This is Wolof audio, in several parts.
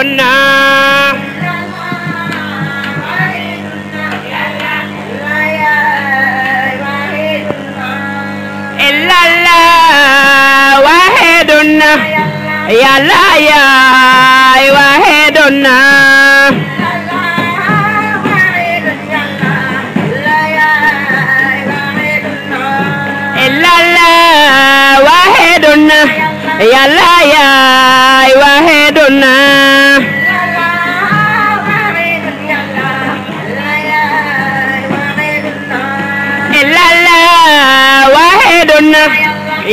عيننا إلا الله واحدنا يا لا يا واحدنا إلا الله واحدنا يا لا يا واحدنا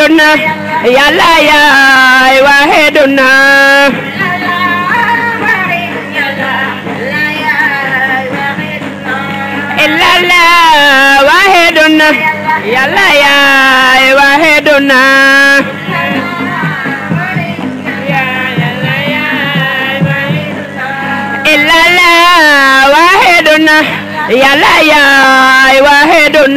wahidun yàlla yaay wahidun ilalla wahidun yàlla yaay wahidun ilalla wahidun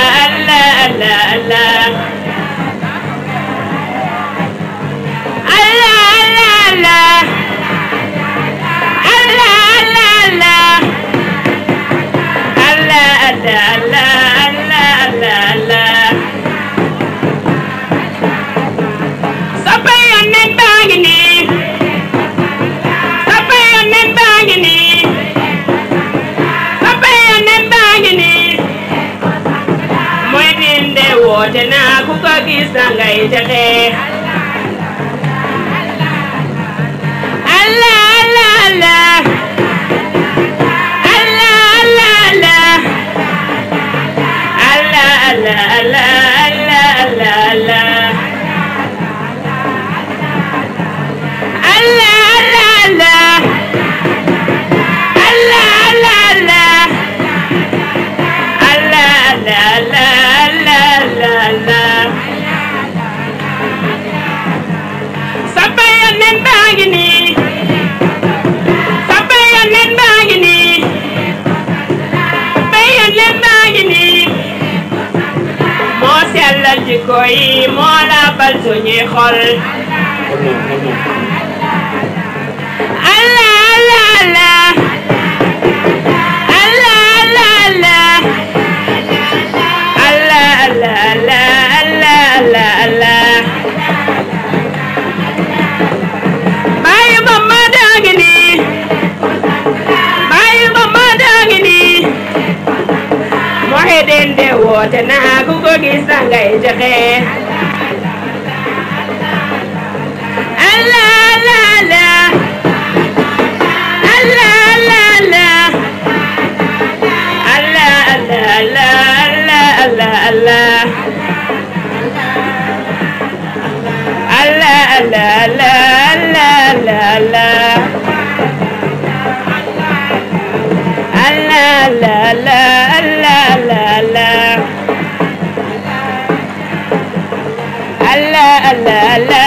la la la la woote naa ku ko gis dangay texe allah allah allah allah allah allah allah allah jikko yi moo laabal suñuy xol allah allah allah allah allah allah allah allah allah allah allah baayu ba ma daangi nii baayu ba ma daangi nii moo xee deen de woote naa ay jaxe ala la la ala la la ala la la ala la ala la la la la la ala la la la la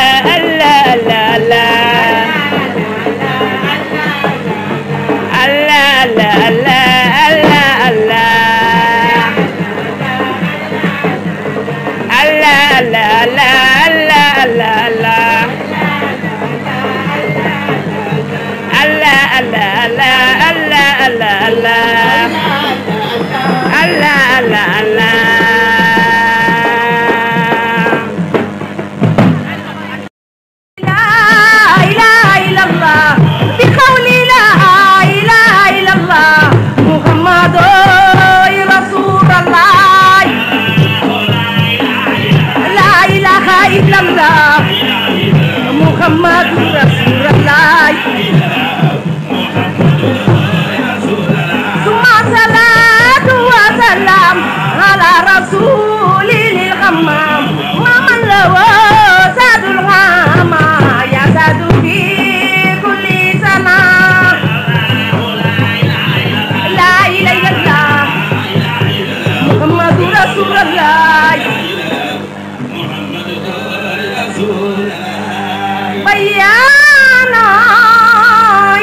la الغمام ماما لو ساد الغمام يا ساد في كل سنة لا إله إلا الله محمد رسول الله بيانا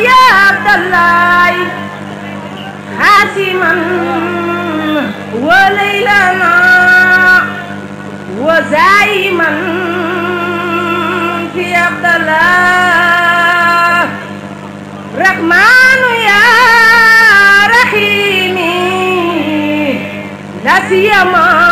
يا عبد الله حاسما وليلا ودائما في عبد الله رحمن يا رحيم لا سيما